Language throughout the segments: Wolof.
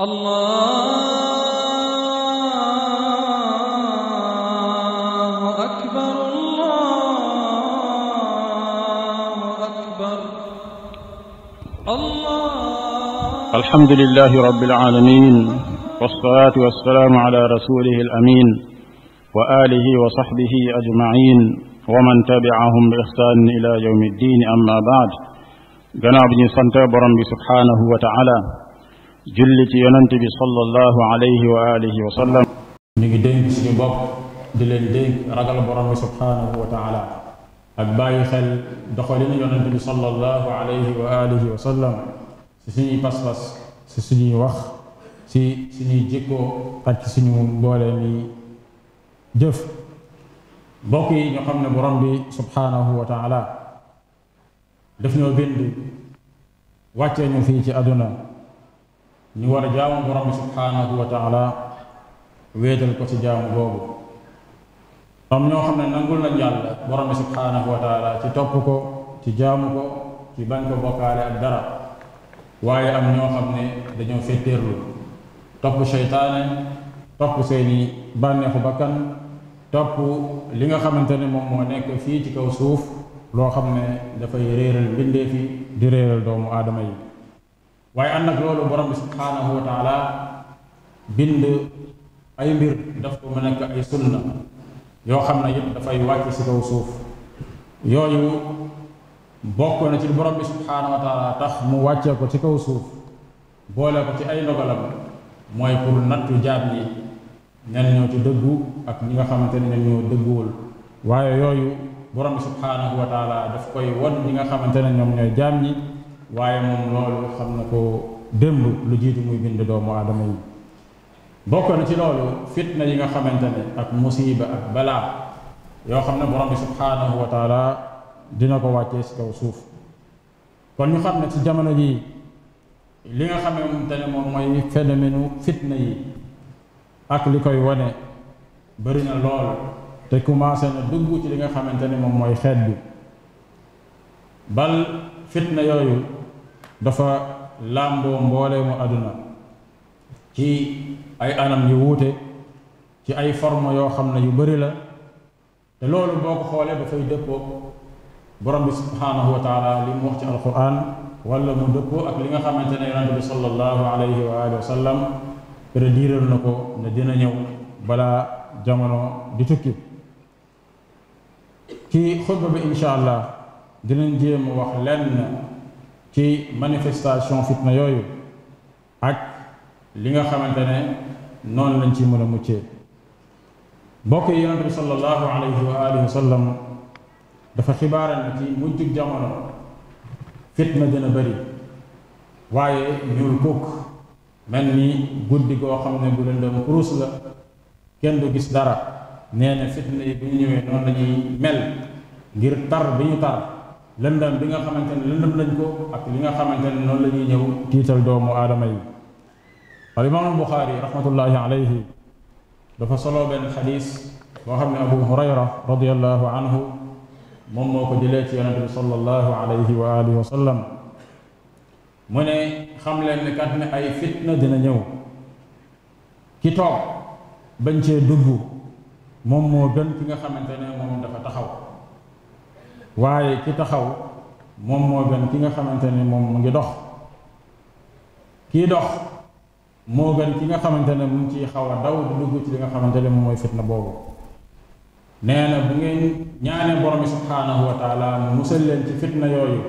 الله أكبر الله أكبر الله الحمد لله رب العالمين والصلاة والسلام على رسوله الأمين وآله وصحبه أجمعين ومن تبعهم بإحسان إلى يوم الدين أما بعد جناب ني بسبحانه سبحانه وتعالى julli ci yonante bi sallallahu alayhi wa alihi wa sallam ñu ngi dénk suñu bopp di leen dénk ragal borom bi subhanahu wa taala ak bàyyi xel doxalinu yonante bi sallallahu alayhi wa alihi wa si suñuy si suñuy wax si suñuy jikkoo ak ci suñu mboole mi jëf mbokk yi ñu xam ne borom bi subhanahu wa taala daf ñoo bind ñu fii ci àdduna ñu war a jaamu borom bi subhaanahu wa taala wéetal ko ci jaamu boobu ñoom ñoo xam ne nangul na yàlla borom bi subhaanahu wa taala ci topp ko ci jaamu ko ci bañ ko bokkaale ak dara waaye am ñoo xam ne dañoo fettéerlu topp seytaane topp seeni bànneexu bakkan topp li nga xamante ne moom moo nekk fii ci kaw suuf loo xam ne dafay réeral mbindeef di réeral doomu aadama yi waaye ànd nag loolu borom bi subhaanahu wa taala bind ay mbir daf ko mu nekk ay sunna yoo xam ne yëpp dafay wàcc ci kaw suuf yooyu bokk na ci borom bi subhaanahu wa taala tax mu wàccee ko ci kaw suuf boole ko ci ay ndogalam mooy pour nattu jaam yi ñan ñoo ci dëggu ak ñi nga xamante ne ñoo dëgguwul waaye yooyu borom bi subhaanahu wa taala daf koy won ñi nga xamante ne ñoom ñooy jaam ñi waaye moom loolu xam na ko démb lu jiitu muy bind doomu aadama yi bokk na ci loolu fitna yi nga xamante ne ak musiba ak balaa yoo xam ne borom bi subhaanahu wa taala dina ko wàccee si kaw suuf kon ñu xam ne ci jamono ji li nga xamante ne moom mooy phénomène fitna yi ak li koy wane bëri na lool te commencé na dugg li nga xamante ne moom mooy xeet bi bal fitna yooyu dafa làmboo mbooleemu àdduna ci ay anam yu wuute ci ay forme yoo xam ne yu bari la te loolu boo ko xoolee dafay dëppoo borom bi subhaanahu wa taala li mu wax ci alquran wala mu dëppoo ak li nga xamante ne yonente bi sallallahu alayhi wa alihi wa sallam prédiral na ko ne dina ñëw balaa jamono di tukki ci xutba bi incha allah dinañ jéem wax lenn ci manifestation fitna yooyu ak li nga xamante ne noonu lañ ci mën a muccee mbokk yi yonente bi sallallahu alayhi wa alihi wa sallam dafa xibaaral ci mujjug jamono fitna dina bëri waaye ñuul kukk mel ni guddi goo xam ne bu lëndëm kurus la kenn du gis dara nee na fitna yi bu ñu ñëwee noonu la ñuy mel ngir tar bi ñu tar lëndam bi nga xamante ne lañ ko ak linga nga xamante ne noonu la ñuy tiital doomu aadama yi al imaamul buxaari rahmatullahi alayhi dafa solo benn xadis boo xam ne abu hurayra radiallahu anhu moom moo ko jëlee ci yonente bi sallallahu alayhi wa alihi wa sallam mu ne xam ay fitna dina ñëw ki toog bañ cee dugg moom moo gën ki nga xamante ne moom dafa taxaw waaye ki taxaw moom moo gën ki nga xamante kidoh, moom mu ngi dox kii dox moo gën ki nga xamante ne mu ngi ciy xaw a daw di dugg ci li nga xamante ne moom mooy fitna boobu nee na bu ngeen ñaanee borom subhanahu wa taala mu musal leen ci fitna yooyu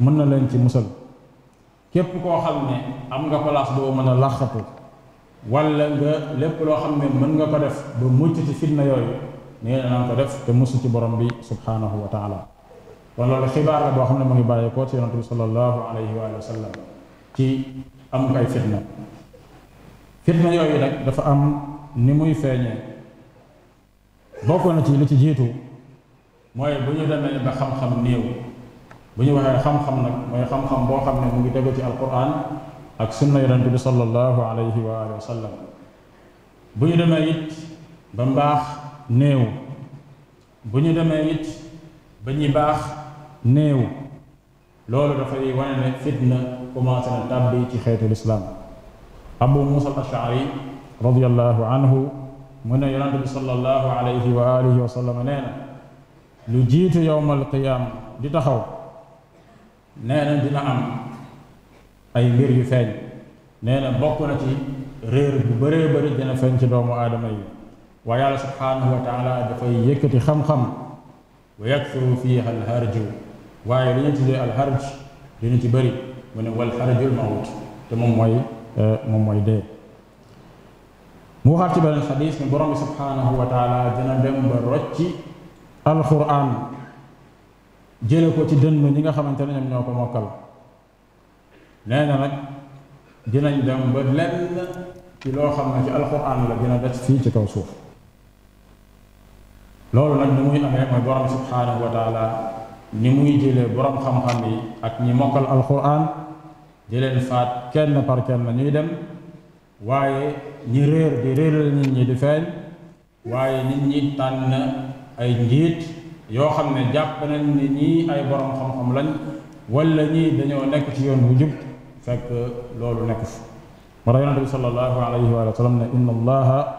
mën na leen ci musal képp koo xam ne am nga place boo mën a làqatu nga lépp loo xam ne nga ko def ba mucc ci fitna yooyu ni ngeen naan ko def te musu ci borom bi subhanahu wa taala kon loolu xibaar la boo xam ne mu ngi bàyyeekoo ci yonante bi sallallahu alayhi wa sallam ci am ay fitna fitna yooyu nag dafa am ni muy feeñee bokk na ci li ci jiitu mooy bu ñu demee ba xam-xam néew bu ñu waxee xam-xam nag mooy xam-xam boo xam ne mu ngi tegu ci alquran ak sunna yonante bi sallallahu alayhi wa sallam bu ñu demee it ba mbaax néew bu ñu demee it ba ñuy baax néew loolu dafay wane ne fitna commencé na tàbbi ci xeetu lislaam abu musa al-ashari radiyallahu anhu mu ne yonent bi sallallahu alayhi wa alihi wa sallam nee na lu jiitu yowmal qiyaam di taxaw nee na dina am ay mbir yu feeñ nee na bokk na ci réer bu bëree bëri dina feeñ ci doomu aadama yi ويالا سبحانه وتعالى دفاي يكتي خم خم ويكثر فيها الهرج واي لينتي الهرج لينتي بري من والحرج الموت تمم واي آه، مم واي دي مو هارتي بالن حديث من برام سبحانه وتعالى دنا دم بروتي القران جيلو كو تي دن ما نيغا خامتاني نيم نيوكو موكال نانا نك دينا دم با لن تي لو خامتاني القران لا دينا دات في تي كاو سوف loolu nag ni muy amee mooy borom subhaanahu wa ni muy jëlee borom xam-xam yi ak ñi mokkal alquran di leen faat kenn par kenn ñuy dem waaye ñi réer di réeral nit ñi di feeñ waaye nit ñi tànn ay njiit yoo xam ne jàpp nañ ne ñii ay borom xam-xam lañ wala ñii dañoo nekk ci yoon wu jub fekk loolu nekk fi moo tax yonente bi sallallahu alayhi wa sallam ne inna allaha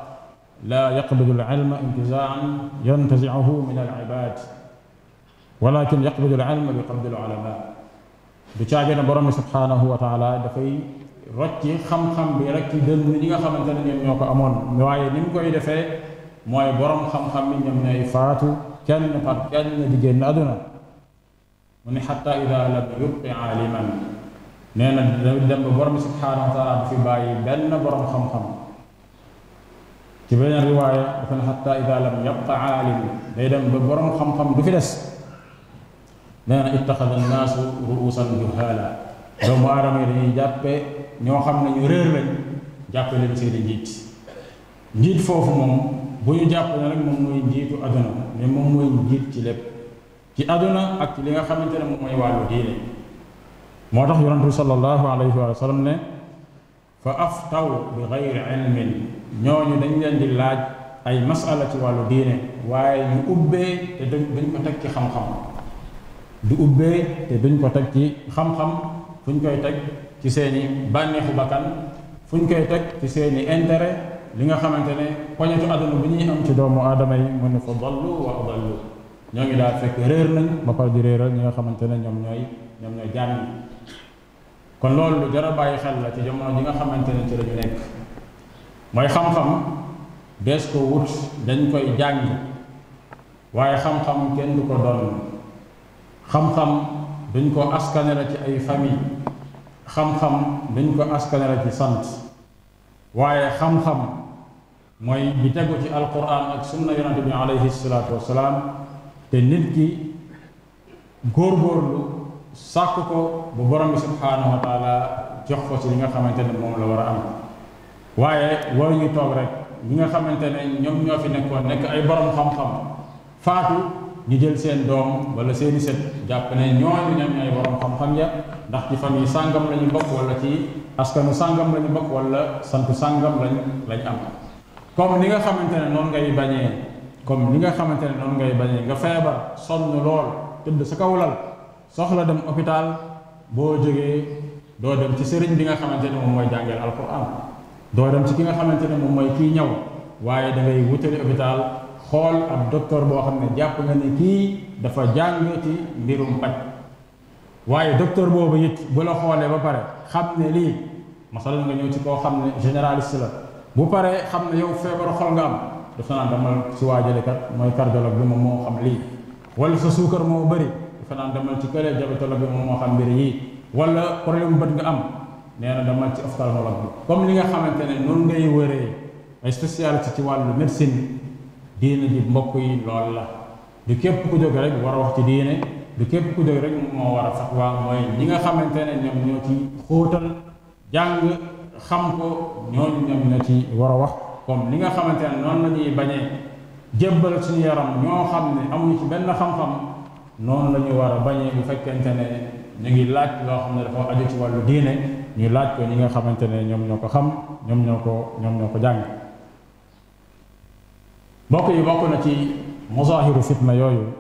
لا يقبض العلم انتزاعا ينتزعه من العباد ولكن يقبض العلم بقبض العلماء بتاجي برم سبحانه وتعالى دفي ركي خم خم بركي دل من يجا خم دل من يجا أمون مواي نم كوي دفع مواي برم خم خم من يجا من يفاتو كن فات كن دجين أدنى من حتى إذا لم يبق عالما نين دم برم سبحانه وتعالى في باي بل برم خم خم ci beneen riwaya dafa ne xataa ida lam yabqa alim day dem ba borom xam-xam du fi dess nee ittakhadha an annaasu ruusan juhala do mo adam yi dañuy jàppe ño xam ne ñu réer lañ jàppe leen seen njiit njiit fofu mom bu ñu jàpp ne rek mom moy njiitu aduna mais mom moy njiit ci lépp ci aduna ak li nga xamantene mom moy walu diine motax yaron rasulullah sallallahu alayhi wa sallam ne فافتوا بغير علم نيو دنج لن دي لاج اي مساله تي والو دين واي ني اوبي تي دنج بن كو تك خم خم دي اوبي تي بن كو تك خم خم فن كاي تك تي سيني باني خو بكان فن كاي تك تي سيني انتري ليغا خامتاني كوجاتو ادونو بني ام تي دومو ادمي من فضلوا وضلوا نيو دا فك رير نان ما با دي رير نيو خامتاني نيوم نيوي نيوم نيوي جامي kon loolu lu jar a bàyyi xel la ci jamono ji nga xamante ne ci la ñu nekk mooy xam-xam dees ko wut dañ koy jàng waaye xam-xam kenn du ko doon xam-xam duñ ko askane la ci ay famille xam-xam duñ ko askane la ci sant waaye xam-xam mooy bi tegu ci alquran ak sunna yonente bi alayhi salaatu wasalaam te nit ki góorgóorlu sàkk ko bu borom subhanahu wa taala jox ko ci li nga xamantene mom la wara am waye waaye ñu tok rek ñi nga xamantene ñom ñoo fi nekkoon ay borom xam-xam faatu ñu jël seen doom wala seen set japp ne ñu ñam ñay borom xam-xam ya ndax ci fami sangam lañu bok wala ci askanu sangam lañu bok wala santu sangam lañ lañ am comme ni nga xamantene non ngay bañé comme ni nga xamantene non ngay bañé nga febar sonn lool sa kawlal soxla dem hôpital bojogi joge do dem ci serigne bi nga xamantene mom moy mooy alquran do dem ci ki nga xamantene mom moy ki kii ñaw da ngay wutale hôpital xol ab docteur bo xamne japp nga ne ki dafa jàng ci mbirum pat waye docteur bobu it bu la xolé ba pare xamne li lii masalan nga ñew ci ko xamne généraliste la bu paré xamne yow fièvre xol nga am dafa na dama ci wajale kat moy cardiologue bu mo xam li wala sa sucre mo bari fanaan demal ci kële jabetologue bi moom mo xam mbir yi wala problème bët nga am nee dama ci ophtalmologue comme li nga xamantene ne ngay wéré ay spécialité ci walu médecine diina ji mbokk yi loolu la du képp ku jog rek war a wax ci diine du képp ku jog rek mo war sax wa moy li nga xamantene ñom ñoo ci xootal jang xam ko ñoo ñom na ci war wax comme li nga xamantene non lañuy bañé ñuy suñu yaram ñoo xam amu ci benn xam-xam noonu la ñu war a bañee bu fekkente ne ñu ngi laaj loo xam ne dafa aju ci wàllu diine ñu laaj ko ñi nga xamante ne ñoom ñoo ko xam ñoom ñoo ko ñoom ñoo ko jàng mbokk yi bokk na ci mosahiru fitna yooyu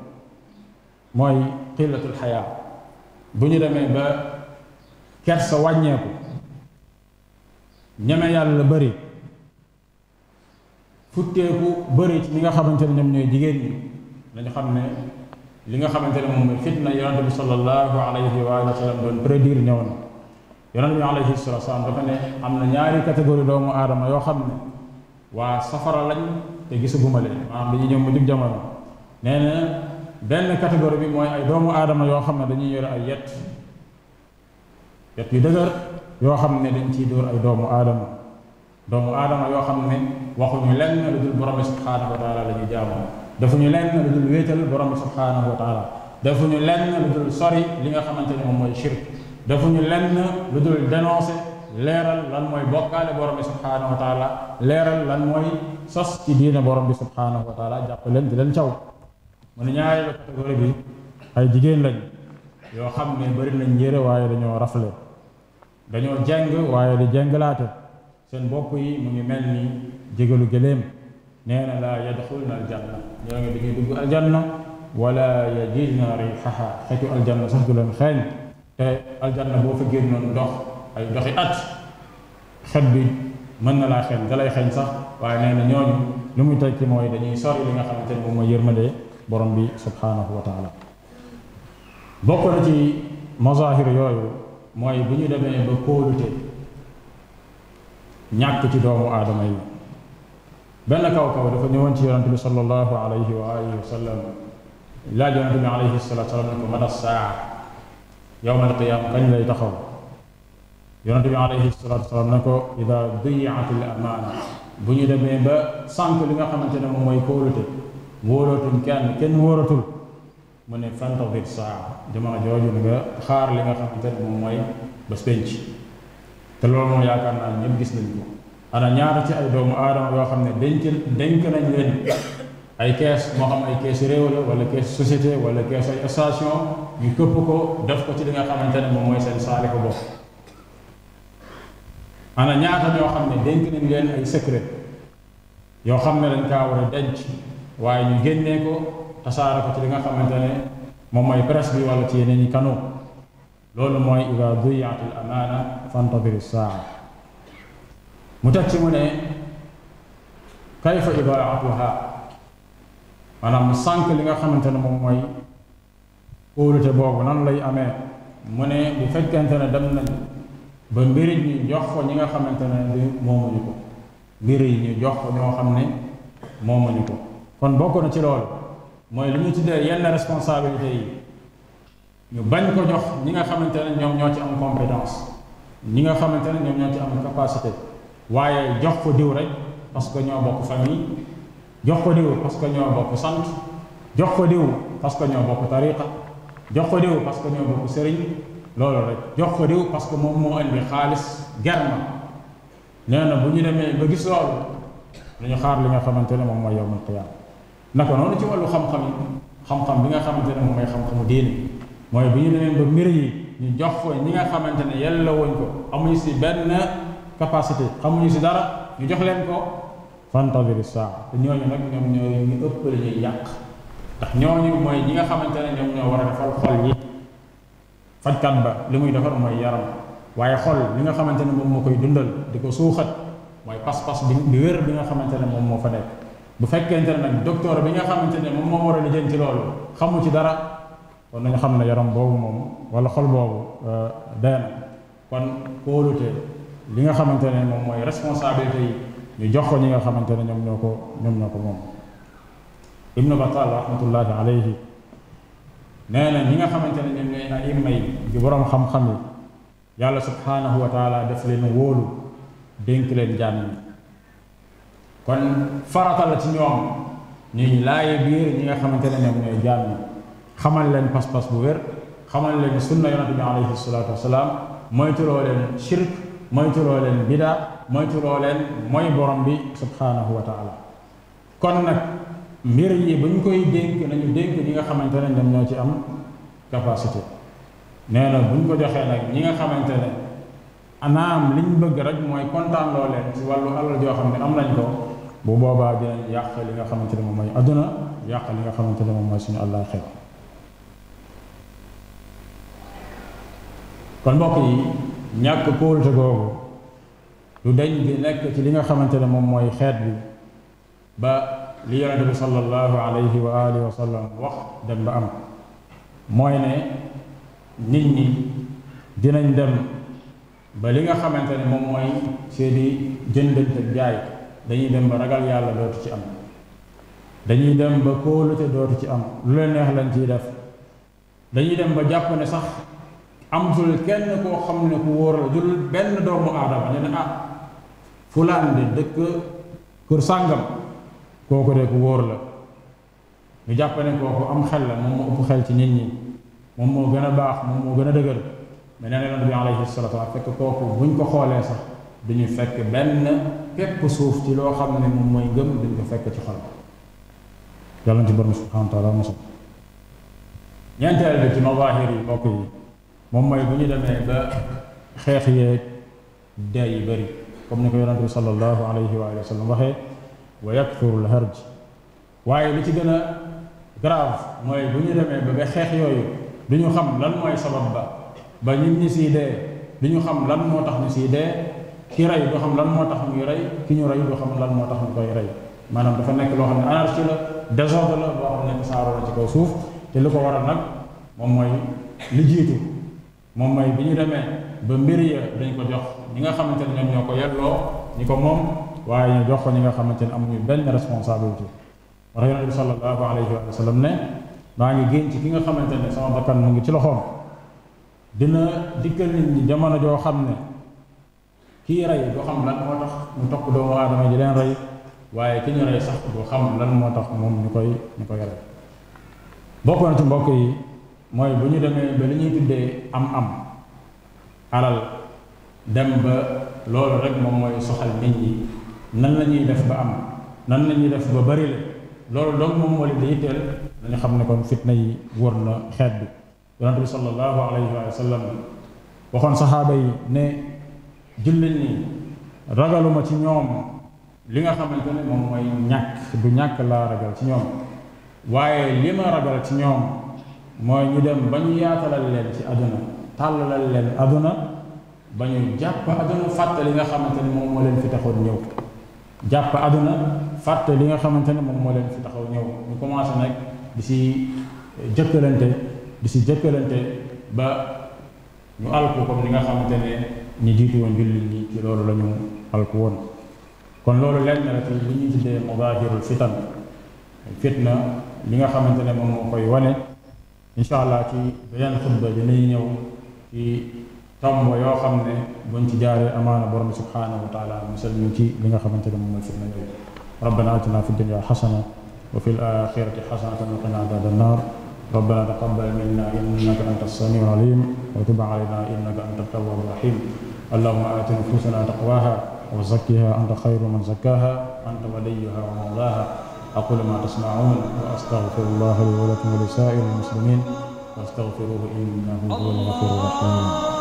mooy xillatul xayaa bu ñu demee ba sa wàññeeku ñeme yàlla bëri futteeku bëri ci ñi nga xamante ne ñoom ñooy jigéen ñi dañu xam ne li nga xamante ne moom mooy fitna yonente bi sallallahu alayhi wa sallam doon prédire ñëw na yonente bi alayhi salatu salaam dafa ne am na ñaari catégorie doomu aadama yoo xam ne waa safara lañ te gisaguma leen maanaam dañuy ñëw mu jub jamono nee na benn catégorie bi mooy ay doomu aadama yoo xam ne dañuy yore ay yet yet yu dëgër yoo xam ne dañ ciy dóor ay doomu aadama doomu aadama yoo xam ne waxuñu lenn lu dul borom subhanahu wa taala la ñuy jaamoo dafa ñu lenn lu dul wéetal borom sori li nga xamante ne moom mooy shirk dafa ñu lenn lu dul dénoncé leeral lan mooy bokkaale borom bi subhaanahu wa leeral lan mooy sos ci diine borom bi subhaanahu wa taala jàpp leen di leen caw mu ne ñaareelu catégorie bi ay jigéen lañ yoo xam ne bëri nañ yére waaye dañoo rafle dañoo jeng waaye di jenglaate seen bopp yi mu ngi mel ni jégalu gëléem نينا لا يدخلنا الجنة نينا دي دي الجنة ولا يجدنا ريحها حيث الجنة سهد لنا خين اه، الجنة بو فكير من دخ أي دخي أت خبي من لا خين دلا خين صح وعنينا نيوني لم يتاكي مويدا ني ساري لنا خمتين بو مير مدي برم بي سبحانه وتعالى بقرة مظاهر يويو موي بني دمي بقولتي نياك تي دومو ادمي benn kaw kaw dafa ñëwoon ci yonante bi sallallahu alayhi wa alihi wa sallam laaj yonante bi alayhi salatu salaam ne ko mata saa yowma alqiyaama kañ lay taxaw yonante bi alayhi salatu salaam ne ko ida diyaat al amaana bu ñu demee ba sànq li nga xamante ne moom mooy kóolute wóolootuñ kenn kenn wóoratul mu ne fantadir saa jamono jooju nga xaar li nga xamante ne moom mooy bés penc te loolu moom yaakaar naa ñëpp gis nañ ko ana ñaata ci ay doomu aadama yoo xam ne denc denc nañ leen ay kees moo xam ay kees réew la wala kees société wala kees ay station ñu këpp ko def ko ci li nga xamante ne moom mooy seen saali ko bopp ana ñoo xam ne denc yoo xam ne dañ kaa war a denc waaye ñu génnee ko tasaare ci li nga xamante ne moom mooy presse bi wala ci yeneen i canaux loolu mooy ida duyaat al amaana fantadir saa mutacci mu ne kayfa ibaratuha manam sank li nga xamantene mom moy mooy bobu nan lay amé mu ne bu fekkente ne dem nañ ba mbiri ñu jox ko ñi nga xamantene ne di moomuñu ko mbiri ñu jox ko ño xamne ne moomuñu ko kon bokku na ci lool moy li ñu tudde yenn responsabilité yi ñu bañ ko jox ñi nga xamantene ñom ñoom ñoo ci am compétence ñi nga xamantene ñom ñoom ñoo ci am capacité waaye jox ko diw rek parce que ñoo bokk famille jox ko diw parce que ñoo bokk sant jox ko diw parce que ñoo bokk tariqa jox ko diw parce que ñoo bokk sëriñ loolu rek jox ko diw parce que moom moo indi xaalis ger na nee na bu ñu demee ba gis loolu dañu xaar li nga xamante ne moom mooy yawmul qiyaama naka noonu ci wàllu xam-xam yi xam-xam bi nga xamante ne moom mooy xam-xamu diine mooy bu ñu demee ba mbir yi ñu jox ko ñi nga xamante ne yella woñ ko amuñu si benn capacité xamuñu ci dara ñu ya jox leen ko fantadiri sa te ñooñu nag ñoom ñooy ñu ëpp la ñuy yàq ndax ñooñu mooy ñi nga xamante ne ñoom ñoo war a defal xol yi fajkat ba li muy defar mooy yaram waaye xol li nga xamante ne moom moo koy dundal di ko suuxat mooy pas-pas bi di wér bi nga xamante ne moom moo fa nekk bu fekkente ne nag docteur bi nga xamante ne moom moo war a lijjanti loolu xamu ci dara kon nañu xam ne yaram boobu moom wala xol boobu euh, dayana kon kóolutee li nga xamante ne moom mooy responsabilité yi ñu jox ko ñi nga xamante ne ñoom ñoo ko ñoom ñoo ko moom ibnu batal rahmatullahi alayhi nee na ñi nga xamante ne ñoom ñooy aima yi di boroom xam-xam yi yàlla subhanahu wa taala def leen wóolu dénk leen jàmm ñi kon farata la ci ñoom ñuy laaye biir ñi nga xamante ne ñoom ñooy jàmm ñi xamal leen pas-pas bu wér xamal leen sunna yonente bi alayhi salatu wasalaam moytuloo leen shirk moytuloo leen bida moytuloo leen mooy borom bi subhaanahu wa kon nag mbir yi bu ñu koy dénk nañu dénk ñi nga xamante ne ñoom ñoo ci am capacité nee na bu ñu ko joxee nag ñi nga xamante ne anaam liñ bëgg rek mooy kontaan loo leen ci wàllu alal joo xam ne am nañ ko bu boobaa dinañ yàq li nga xamante ne moom mooy adduna yàq li nga xamante ne moom mooy suñu àllaaxira kon mbokk yi ñàkk kóolute googu lu dañ di nekk ci li nga xamante ne moom mooy xeet bi ba li yonente bi sallallahu alayhi wa alihi wa sallam wax dem ba am mooy ne nit ñi dinañ dem ba li nga xamante ne moom mooy seeni jëndante jaay dañuy dem ba ragal yàlla dootu ci am dañuy dem ba kóolute dootu ci am lu leen neex lañ ciy def dañuy dem ba jàpp ne sax amul kenn koo xam ne ku wóor la jul benn doomu aadama ne ne ah fulaan de dëkk kër sàngam kooku de ku wóor la ñu jàpp ne kooku am xel la moom moo ëpp xel ci nit ñi moom moo gën a baax moom moo gën a dëgër mais nee na yonent bi alayhi salatu wa fekk kooku buñ ko xoolee sax duñu fekk benn pepp suuf ci loo xam ne moom mooy ngëm duñ ko fekk ci xol yàlla ci borom subhanahu wa taala mosal ñeenteel bi ci mawaahir yi mbokk yi moom mooy bu ñu demee ba xeex yeeg dee yi bëri comme ni ko yonente bi sallallahu alayhi wa sallam waxee wa yakthuru lharj waaye li ci gën a grave mooy bu ñu demee ba ba xeex yooyu du ñu xam lan mooy sabab ba ba nit ñi siy dee du ñu xam lan moo tax ñu siy dee ki rey du xam lan moo tax muy rey ki ñu rey du xam lan moo tax ñu koy rey maanaam dafa nekk loo xam ne anarchie la désordre la boo xam ne saaroo la ci kaw suuf te li ko waral nag moom mooy li jiitu moom mooy bi ñu demee ba mbir ya dañ ko jox ñi nga xamante ni ñoom ñoo ko yelloo ñi ko moom waaye ñu jox ko ñi nga xamante ne amuñu benn responsabilité wax yonent bi sallallahu alayhi wa sallam ne maa ngi génn ci ki nga xamante ne sama bakkan mu ngi ci loxoom dina dikkal nit ñi jamono joo xam ne kii rey du xam lan moo tax mu topp doomu aadama ji leen rey waaye ki ñu rey sax du xam lan moo tax moom ñu koy ñu ko rey bokk na mbokk yi mooy bu ñu demee ba li ñuy tuddee am-am alal dem ba loolu rek moom mooy soxal nit ñi nan la ñuy def ba am nan la ñuy def ba bari la loolu donc moom moo li day yitteel dañu xam ne kon fitna yi wër na xeet bi yonente bi sallallahu alayhi wa sallam waxoon saxaaba yi ne jullit ñi ragaluma ci ñoom li nga xamante ne moom mooy ñàkk du ñàkk laa ragal ci ñoom waaye li ma ragal ci ñoom mooy ñu dem ba ñu yaatalal leen ci àdduna tàllalal leen àdduna ba ñu jàpp àdduna fàtte li nga xamante ni moom moo leen fi taxoon ñëw jàpp àdduna fàtte li nga xamante ni moom moo leen fi taxaw ñëw ñu commencé nag di si jëkkalante di si jëkkalante ba ñu alku ko li nga xamante ne ñi jiitu woon jullit ñi ci loolu la ñu alku woon kon loolu lenn la ci li ñuy tuddee mudaahirul fitan fitna li nga xamante ne moom moo koy wane ان شاء الله تي بيان خطبه دي نيو تي تام و يو خامن بون تي جاري امانه بروم سبحانه وتعالى مسلم تي ليغا خامن تي موي سيدنا ربنا اتنا في الدنيا حسنه وفي الاخره حسنه وقنا عذاب النار ربنا تقبل منا انك انت السميع العليم وتب علينا انك انت التواب الرحيم اللهم ات نفوسنا تقواها وزكها انت خير من زكاها انت وليها ومولاها أقول ما تسمعون وأستغفر الله لي ولكم ولسائر المسلمين فاستغفروه إنه هو الغفور الرحيم